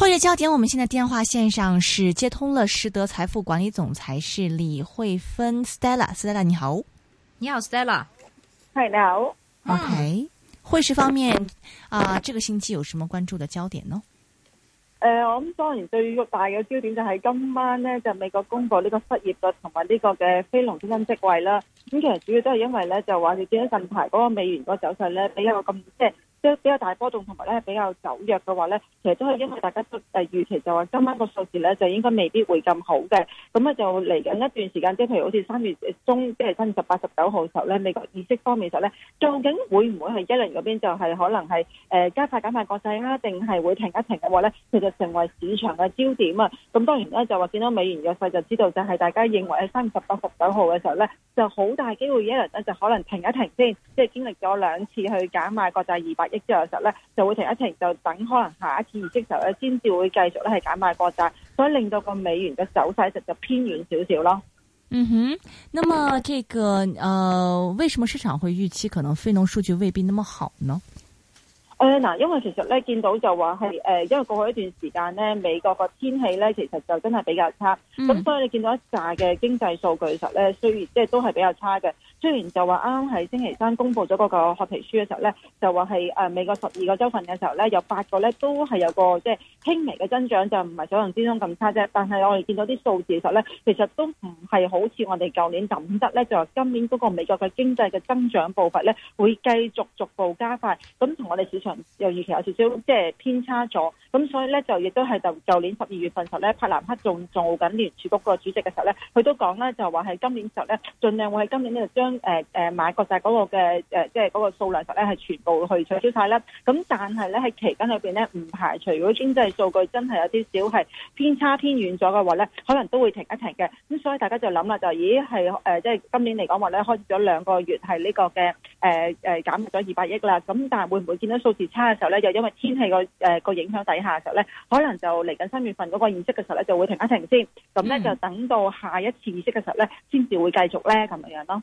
匯市焦點，我們現在電話線上是接通了。實德財富管理總裁是李慧芬 St，Stella，Stella，你好，你好，Stella，Hello，OK。Stella 匯市方面啊、呃，這個星期有什麼關注的焦點呢？誒、呃，我諗當然最大嘅焦點就喺今晚呢，就美國公佈呢個失業率同埋呢個嘅非農新增職位啦。咁、嗯、其實主要都係因為咧，就話你知啦，近排嗰個美元個走勢咧比一咁即係。即比較大波動同埋咧比較走弱嘅話咧，其實都係因為大家都誒預期就話今晚個數字咧就應該未必會咁好嘅，咁啊就嚟緊一段時間，即係譬如好似三月中，即係三月十八十九號時候咧，美國議息方面的時候咧，究竟會唔會係耶倫嗰邊就係可能係誒加快減賣國債啊，定係會停一停嘅話咧，其實成為市場嘅焦點啊。咁當然咧就話見到美元弱勢就知道就係大家認為喺三月十八十九號嘅時候咧就好大機會耶倫咧就可能停一停先，即係經歷咗兩次去減賣國債二百。亦之後，時候咧就會停一停，就等可能下一次議息時候咧，先至會繼續咧係減賣國債，所以令到個美元嘅走勢實就偏軟少少咯。嗯哼，那麼這個呃，為什麼市場會預期可能非農數據未必那麼好呢？誒、呃，嗱、呃，因為其實咧見到就話係誒，因為過去一段時間呢，美國個天氣咧其實就真係比較差，咁、嗯、所以你見到一紮嘅經濟數據實咧，雖然即係都係比較差嘅。雖然就話啱啱喺星期三公布咗嗰個褐皮書嘅時候咧，就話係誒美國十二個州份嘅時候咧，有八個咧都係有個即係輕微嘅增長，就唔係想象之中咁差啫。但係我哋見到啲數字嘅時候咧，其實都唔係好似我哋舊年咁得咧，就話今年嗰個美國嘅經濟嘅增長步伐咧，會繼續逐步加快。咁同我哋市場又預期有少少即係偏差咗。咁所以咧就亦都係就舊年十二月份時候咧，柏南克仲做緊聯儲局個主席嘅時候咧，佢都講咧就話係今年時候咧，盡量會喺今年呢度將誒誒買國債嗰個嘅即係嗰個數量實咧係全部去取消曬啦。咁但係咧喺期間裏面咧，唔排除如果經濟數據真係有啲少係偏差偏遠咗嘅話咧，可能都會停一停嘅。咁所以大家就諗啦，就咦係即係今年嚟講話咧，開始咗兩個月係呢個嘅誒誒減咗二百億啦。咁、呃、但係會唔會見到數字差嘅時候咧，又因為天氣個、呃、影響底下嘅時候咧，可能就嚟緊三月份嗰個議息嘅時候咧，就會停一停先。咁咧就等到下一次議息嘅時候咧，先至會繼續咧咁樣樣咯。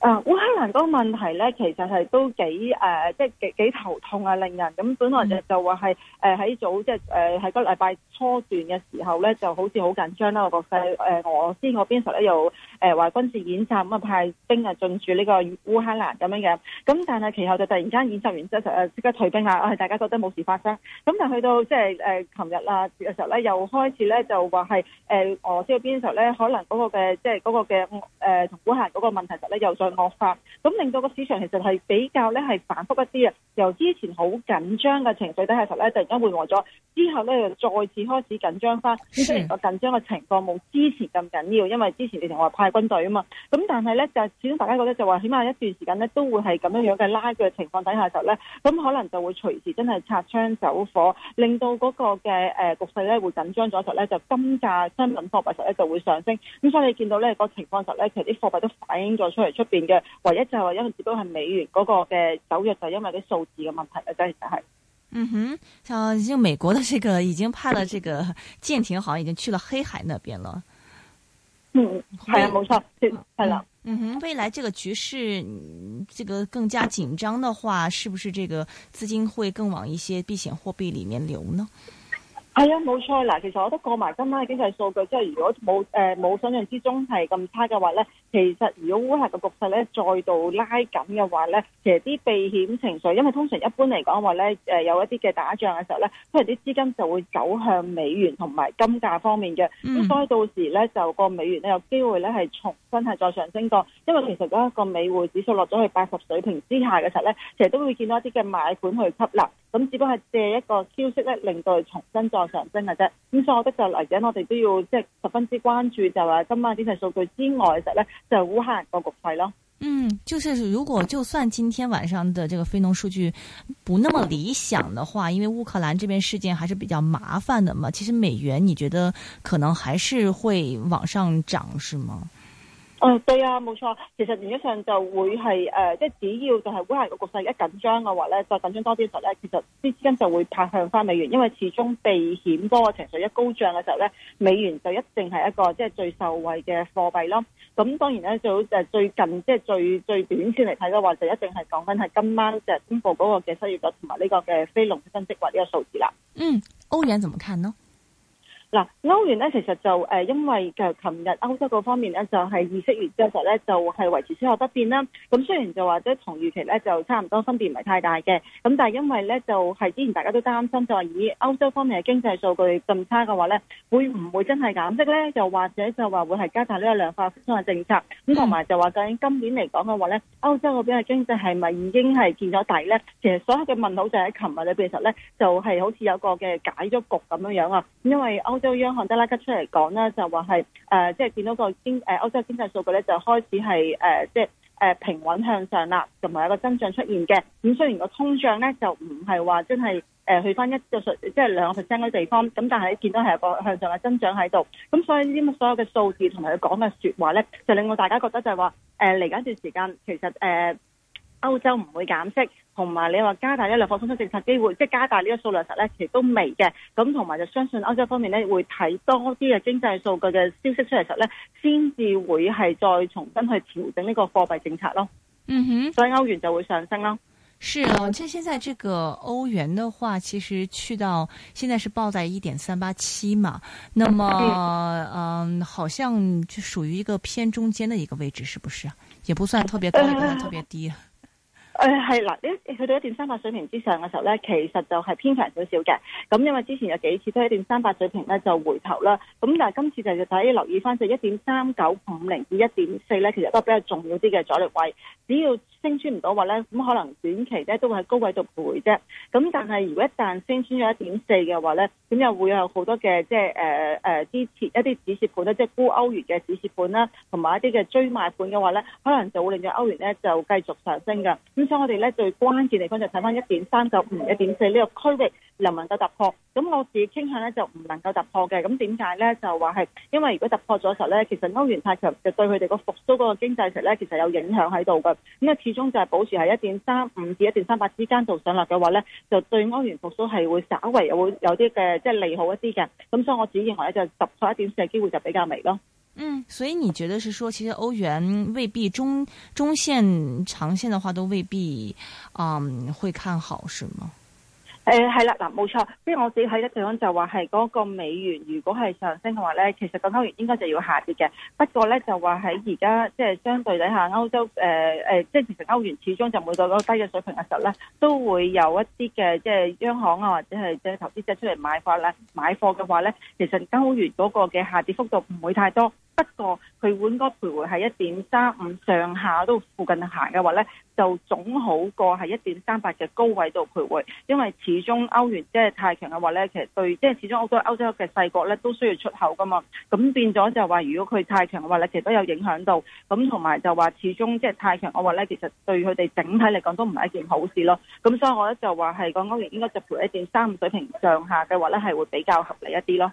啊、呃，烏克蘭嗰個問題咧，其實係都幾誒，即、呃、係幾、幾頭痛啊，令人咁。那本來就就話係喺早即係誒喺個禮拜初段嘅時候咧，就好似好緊張啦、啊。我覺得誒、呃、俄羅斯嗰邊時候咧又誒話軍事演習，咁啊派兵啊進駐呢個烏克蘭咁樣嘅。咁但係其後就突然間演習完之後就即刻退兵啦，我、哎、係大家覺得冇事發生。咁但去到即係誒琴日啦嘅時候咧，又開始咧就話係誒俄羅斯嗰邊時候咧可能嗰個嘅即係嗰個嘅誒同烏克蘭嗰個問題實咧又再。化，咁令到個市場其實係比較咧係反复一啲啊。由之前好緊張嘅情緒底下頭咧，突然間緩和咗，之後咧又再次開始緊張翻。咁雖然個緊張嘅情況冇之前咁緊要，因為之前你同我派軍隊啊嘛。咁但係咧就始終大家覺得就話，起碼一段時間咧都會係咁樣樣嘅拉鋸嘅情況底下頭咧，咁可能就會隨時真係擦槍走火，令到嗰個嘅、呃、局勢咧會緊張咗，時候咧就金價、商品貨幣時候咧就會上升。咁所以你見到咧、那個情況時候咧，其實啲貨幣都反映咗出嚟出邊。嘅唯一就係話，因為亦都係美元個嘅走弱，就係因為啲數字嘅問題啊，真係，嗯哼，啊，已經美國的這個已經派了這個艦艇，好像已經去了黑海那邊了。嗯，係啊，冇錯，係啦，啊、嗯哼，未來這個局勢，這個更加緊張的話，是不是這個資金會更往一些避險貨幣裏面流呢？係啊，冇、哎、錯嗱。其實我都過埋今晚嘅經濟數據，即係如果冇誒冇想象之中係咁差嘅話咧，其實如果烏黑嘅局勢咧再度拉緊嘅話咧，其實啲避險情緒，因為通常一般嚟講話咧，誒、呃、有一啲嘅打仗嘅時候咧，都係啲資金就會走向美元同埋金價方面嘅。咁、嗯、所以到時咧就個美元咧有機會咧係重新係再上升過，因為其實嗰一個美匯指數落咗去八十水平之下嘅時候咧，其實都會見到一啲嘅買盤去吸納。咁只不過係借一個消息咧令到佢重新再。上升嘅啫，咁所以我覺得就嚟緊我哋都要即係十分之關注，就話今晚經濟數據之外其實咧，就係烏克蘭個局勢咯。嗯，就是如果就算今天晚上的這個非農數據不那麼理想的話，因為烏克蘭這邊事件還是比較麻煩的嘛。其實美元，你覺得可能還是會往上漲，是嗎？嗯，對啊，冇錯。其實原則上就會係誒，即、呃、係只要就係烏克蘭個局勢一緊張嘅話咧，再緊張多啲時候咧，其實啲資金就會拍向翻美元，因為始終避險嗰個情緒一高漲嘅時候咧，美元就一定係一個即係最受惠嘅貨幣咯。咁當然咧，就誒最近即係最最短線嚟睇嘅話，就一定係講緊係今晚就係公布個嘅失業率同埋呢個嘅非農新增或呢個數字啦。嗯，歐元怎麼看呢？嗱，歐元咧，其實就誒，因為就琴日歐洲嗰方面咧，就係議息月之後咧，就係維持息口不變啦。咁雖然就或者同預期咧就差唔多，分別唔係太大嘅。咁但係因為咧就係之前大家都擔心就話，以歐洲方面嘅經濟數據咁差嘅話咧，會唔會真係減息咧？又或者就話會係加大呢個量化寬鬆嘅政策。咁同埋就話究竟今年嚟講嘅話咧，歐洲嗰邊嘅經濟係咪已經係見咗底咧？其實所有嘅問號就喺琴日裏邊實咧，就係好似有個嘅解咗局咁樣樣啊。因為歐即係央行德拉吉出嚟講咧，就話係誒，即、呃、係、就是、見到個經誒歐洲經濟數據咧，就開始係誒，即係誒平穩向上啦，同埋有一個增長出現嘅。咁雖然個通脹咧就唔係話真係誒去翻一個數，即係兩個 percent 嘅地方，咁但係見到係一個向上嘅增長喺度。咁所以呢啲所有嘅數字同埋佢講嘅説話咧，就令我大家覺得就係話誒嚟緊一段時間，其實誒。呃歐洲唔會減息，同埋你話加大一兩項寬鬆政策機會，即係加大呢個數量實咧，其實都未嘅。咁同埋就相信歐洲方面咧，會睇多啲嘅經濟數據嘅消息出嚟實咧，先至會係再重新去調整呢個貨幣政策咯。嗯哼，所以歐元就會上升咯。是啊，即係現在這個歐元的話，其實去到現在是報在一點三八七嘛。那麼，嗯、呃，好像就屬於一個偏中間嘅一個位置，是不是？也不算特別高，也不算特別低。誒係啦，呢、哎、去到一點三八水平之上嘅時候咧，其實就係偏強少少嘅。咁因為之前有幾次都係一點三八水平咧就回頭啦。咁但係今次就要睇留意翻就一點三九五零至一點四咧，其實都係比較重要啲嘅阻力位，只要，升穿唔到話咧，咁可能短期咧都會喺高位度回啫。咁但係如果一旦升穿咗一點四嘅話咧，咁又會有好多嘅即係誒誒支持一啲止蝕盤咧，即係沽歐元嘅止蝕盤啦，同埋一啲嘅追買盤嘅話咧，可能就會令到歐元咧就繼續上升嘅。咁所以我哋咧最關鍵地方就睇翻一點三九五、一點四呢個區域。能唔能夠突破，咁我自己傾向咧就唔能夠突破嘅。咁點解咧？就話係因為如果突破咗時候咧，其實歐元太強，就對佢哋個復甦個經濟其實咧，其實有影響喺度㗎。咁啊，始終就係保持喺一點三五至一點三八之間做上落嘅話咧，就對歐元復甦係會稍為有會有啲嘅即係利好一啲嘅。咁所以我自己認為咧，就突破一點四嘅機會就比較微咯。嗯，所以你覺得是說，其實歐元未必中中線、長線嘅話都未必，嗯，會看好，是嗎？誒，係啦、嗯，嗱，冇錯，即係我自己喺一地方就話係嗰個美元如果係上升嘅話咧，其實歐元應該就要下跌嘅。不過咧就話喺而家即係相對底下歐洲誒誒，即、呃、係、呃就是、其實歐元始終就每到嗰個低嘅水平嘅時候咧，都會有一啲嘅即係央行啊或者係即係投資者出嚟買貨，啦買貨嘅話咧，其實歐元嗰個嘅下跌幅度唔會太多。不過個佢應該徘徊喺一點三五上下都附近行嘅話呢，就總好過係一點三八嘅高位度徘徊，因為始終歐元即係太強嘅話呢，其實對即係、就係、始終好多歐洲嘅細國呢都需要出口㗎嘛，咁變咗就話如果佢太強嘅話呢，其實都有影響到，咁同埋就話始終即係太強嘅話呢，其實對佢哋整體嚟講都唔係一件好事咯，咁所以我呢就話係講歐元應該就徘徊一點三五水平上下嘅話呢，係會比較合理一啲咯。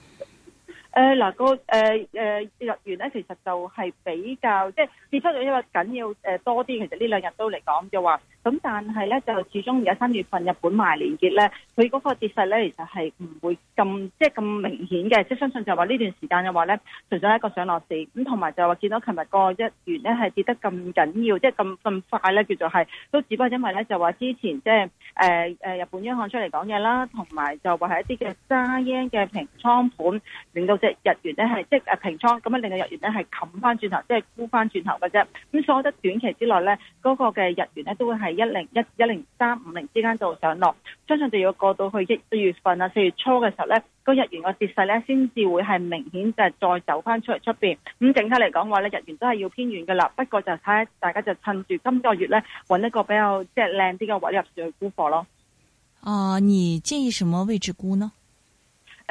誒嗱、呃嗰個誒誒、呃、日元咧，其實就係比較即係跌出咗，呃、一個緊要誒多啲。其實兩呢兩日都嚟講就話，咁但係咧就始終而家三月份日本埋連結咧，佢嗰個跌勢咧其實係唔會咁即係咁明顯嘅。即係相信就話呢段時間嘅話咧，純粹一個上落市咁，同埋就話見到琴日個日元咧係跌得咁緊要，即係咁咁快咧，叫做係都只不過因為咧就話之前即係誒誒日本央行出嚟講嘢啦，同埋就話係一啲嘅揸嘢嘅平倉盤令到。即係日元咧，係即係平倉咁啊，令到日元咧係冚翻轉頭，即係沽翻轉頭嘅啫。咁所以我覺得短期之內咧，嗰個嘅日元咧都會係一零一、一零三、五零之間做上落。相信就要過到去一月份啊，四月初嘅時候咧，個日元個跌勢咧先至會係明顯，就係再走翻出嚟出邊。咁整體嚟講嘅話咧，日元都係要偏軟嘅啦。不過就睇大家就趁住今個月咧，揾一個比較即係靚啲嘅位入去沽貨咯。啊，你建議什麼位置沽呢？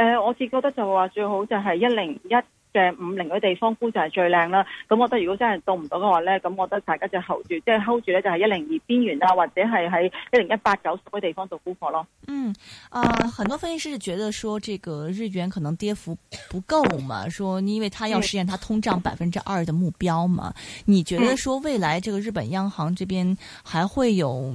誒、呃，我自己覺得就話最好就係一零一嘅五零嗰地方沽就係最靚啦。咁我覺得如果真係到唔到嘅話咧，咁我覺得大家就 hold 住，即係 hold 住咧就係一零二邊緣啊，或者係喺一零一八九十個地方做沽貨咯。嗯，啊、呃，很多分析師覺得說，這個日元可能跌幅不夠嘛，說因為他要實現他通脹百分之二嘅目標嘛。你覺得說未來這個日本央行這邊還會有？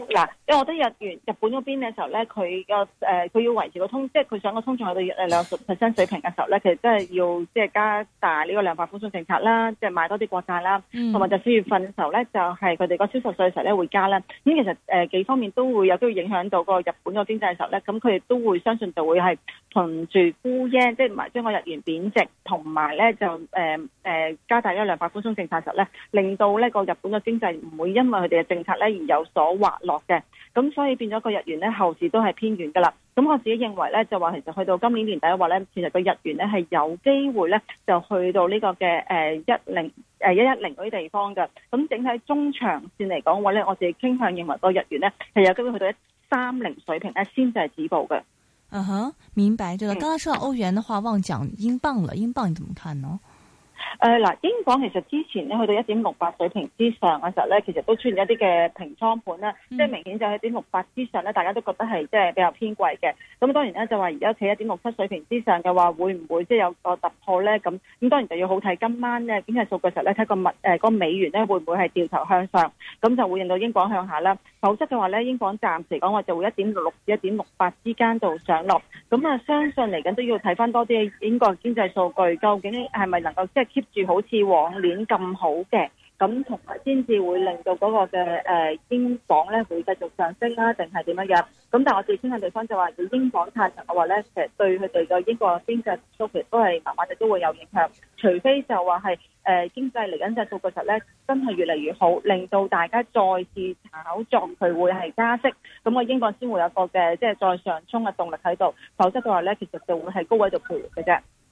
嗱，因為我覺得日元、日本嗰邊嘅時候咧，佢個誒佢要維持個通，即係佢想個通脹去到二兩十 percent 水平嘅時候咧，其實真係要即係加大呢個量化寬鬆政策啦，即、就、係、是、買多啲國債啦，同埋、嗯、就四月份嘅時候咧，就係佢哋個銷售稅嘅時候咧會加啦。咁、嗯、其實誒、呃、幾方面都會有機會影響到個日本嘅經濟嘅時候咧，咁佢亦都會相信就會係同住孤息，即係唔係將個日元貶值，同埋咧就誒誒、呃呃、加大呢個量化寬鬆政策嘅時候咧，令到呢個日本嘅經濟唔會因為佢哋嘅政策咧而有所滑落。嘅，咁、嗯、所以變咗個日元咧，後市都係偏軟噶啦。咁我自己認為咧，就話其實去到今年年底嘅話咧，其實個日元咧係有機會咧就去到呢、這個嘅誒一零誒一一零嗰啲地方噶。咁整體中長線嚟講話咧，我自己傾向認為個日元咧係有機會去到一三零水平，誒先至係止步嘅。嗯哼，明白。就、這個，剛剛說到歐元的話，忘講英鎊了。英鎊你怎麼看呢？誒嗱、嗯，英鎊其實之前咧去到一點六八水平之上嘅時候咧，其實都出現一啲嘅平倉盤啦，即係、嗯、明顯就喺一點六八之上咧，大家都覺得係即係比較偏貴嘅。咁當然咧就話而家企喺一點六七水平之上嘅話，會唔會即係有個突破咧？咁咁當然就要好睇今晚嘅經濟數據嘅時候咧，睇、個物、誒個、美元咧會唔會係掉頭向上，咁就會令到英鎊向下啦。否則嘅話咧，英鎊暫時講話就會一點六六至一點六八之間度上落。咁啊，相信嚟緊都要睇翻多啲英國經濟數據，究竟係咪能夠即係 keep 住好似往年咁好嘅，咁同埋先至會令到嗰個嘅誒英鎊咧會繼續上升啦，定係點樣嘅？咁但我哋聽緊對方就話，如果英鎊太強嘅話咧，其實對佢哋嘅英國經濟數據其實都係慢慢地都會有影響，除非就話係誒經濟嚟緊嘅數據實咧真係越嚟越好，令到大家再次炒作佢會係加息，咁我英國先會有個嘅即係再上衝嘅動力喺度，否則嘅話咧其實就會係高位度徘徊嘅啫。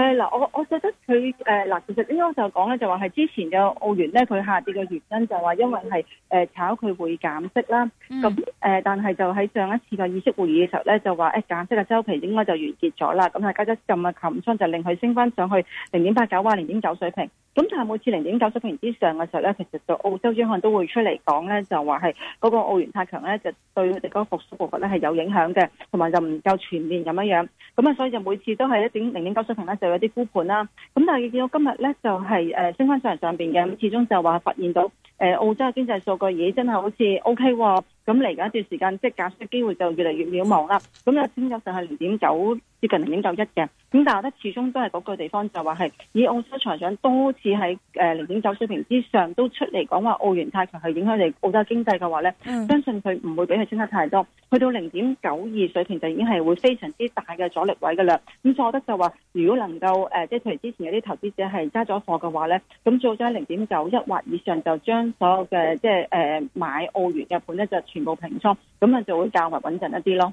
誒嗱、哎，我我覺得佢誒嗱，其實應該就講咧，就話係之前嘅澳元咧，佢下跌嘅原因就話因為係誒、呃、炒佢會減息啦。咁誒、嗯呃，但係就喺上一次嘅議息會議嘅時候咧，就話誒、欸、減息嘅、啊、周期應該就完結咗啦。咁係加咗一撳嘅擒倉，就令佢升翻上去零點八九或者零點九水平。咁但係每次零點九水平之上嘅時候咧，其實就澳洲央行都會出嚟講咧，就話係嗰個澳元太強咧，就對佢哋嗰個復甦步伐咧係有影響嘅，同埋就唔夠全面咁樣樣。咁啊，所以就每次都係一點零點九水平咧就。有啲沽盤啦，咁但係見到今日咧就係誒升翻上嚟上邊嘅。咁始終就話發現到誒澳洲經濟數據嘢真係好似 OK 喎，咁嚟緊一段時間即係減息機會就越嚟越渺茫啦，咁就升咗上去零點九。接近零點九一嘅，咁但係我覺得始終都係嗰個地方就話係，以澳洲財長多次喺誒零點九水平之上都出嚟講話澳元太強係影響你澳洲經濟嘅話咧，嗯、相信佢唔會俾佢升得太多，去到零點九二水平就已經係會非常之大嘅阻力位嘅啦。咁所以我覺得就話，如果能夠誒即係譬如之前有啲投資者係加咗貨嘅話咧，咁做咗零點九一或以上就將所有嘅即係誒買澳元嘅盤咧就全部平倉，咁啊就會較為穩陣一啲咯。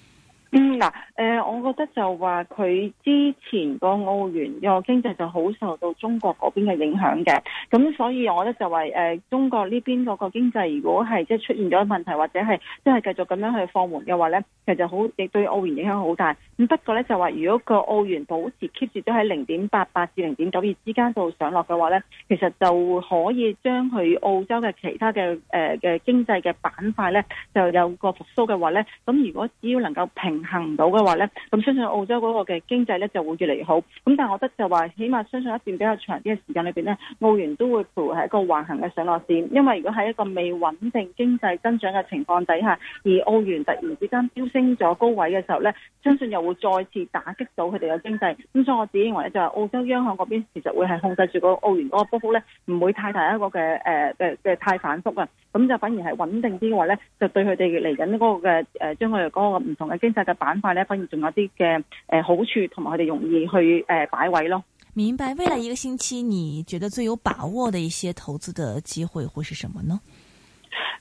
嗯嗱，誒、呃，我覺得就話佢之前個澳元個經濟就好受到中國嗰邊嘅影響嘅，咁所以我覺得就話，誒、呃，中國呢邊嗰個經濟如果係即係出現咗問題，或者係即係繼續咁樣去放緩嘅話咧，其實好，亦對澳元影響好大。咁不過咧就話，如果個澳元保持 keep 住都喺零點八八至零點九二之間度上落嘅話咧，其實就可以將佢澳洲嘅其他嘅誒嘅經濟嘅板塊咧就有個復甦嘅話咧，咁如果只要能夠平。行唔到嘅話呢，咁相信澳洲嗰個嘅經濟呢就會越嚟越好。咁但係我覺得就話，起碼相信一段比較長啲嘅時間裏邊呢，澳元都會徘徊喺一個橫行嘅上落線。因為如果喺一個未穩定經濟增長嘅情況底下，而澳元突然之間飆升咗高位嘅時候呢，相信又會再次打擊到佢哋嘅經濟。咁所以我自己認為呢，就係澳洲央行嗰邊其實會係控制住個澳元嗰個波幅呢，唔會太大一個嘅誒誒嘅太反覆啊。咁就反而係穩定啲嘅話呢，就對佢哋嚟緊嗰個嘅誒、呃，將佢哋嗰個唔同嘅經濟。板塊咧，反而仲有啲嘅誒好處，同埋佢哋容易去誒擺位咯。明白，未來一個星期你覺得最有把握的一些投資的機會會是什麼呢？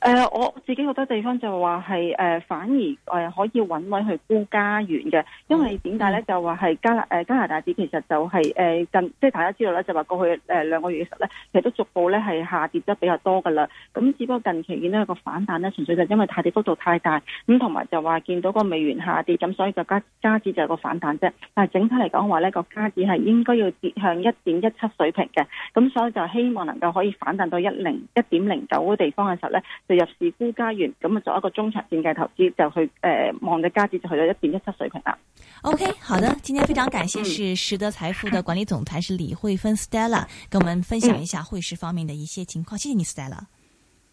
誒、呃、我自己覺得地方就話係誒反而可以搵位去沽加元嘅，因為點解咧？嗯、就話係加誒、呃、加拿大指其實就係誒近，即、呃、係大家知道咧，就話過去誒兩、呃、個月嘅時候咧，其實都逐步咧係下跌得比較多噶啦。咁只不過近期見到有個反彈咧，純粹就因為下跌幅度太大，咁同埋就話見到個個美元下跌，咁所以就加加指就有個反彈啫。但係整體嚟講話咧，個加指係應該要跌向一點一七水平嘅，咁所以就希望能夠可以反彈到一零一點零九嘅地方嘅時候咧。就入市沽加元，咁啊做一個中長線嘅投資，就去誒、呃、望嘅價值就去到一點一七水平啦。OK，好的，今天非常感謝是實德財富的管理總裁是李慧芬 Stella，跟我們分享一下匯市方面的一些情況。謝謝你 Stella。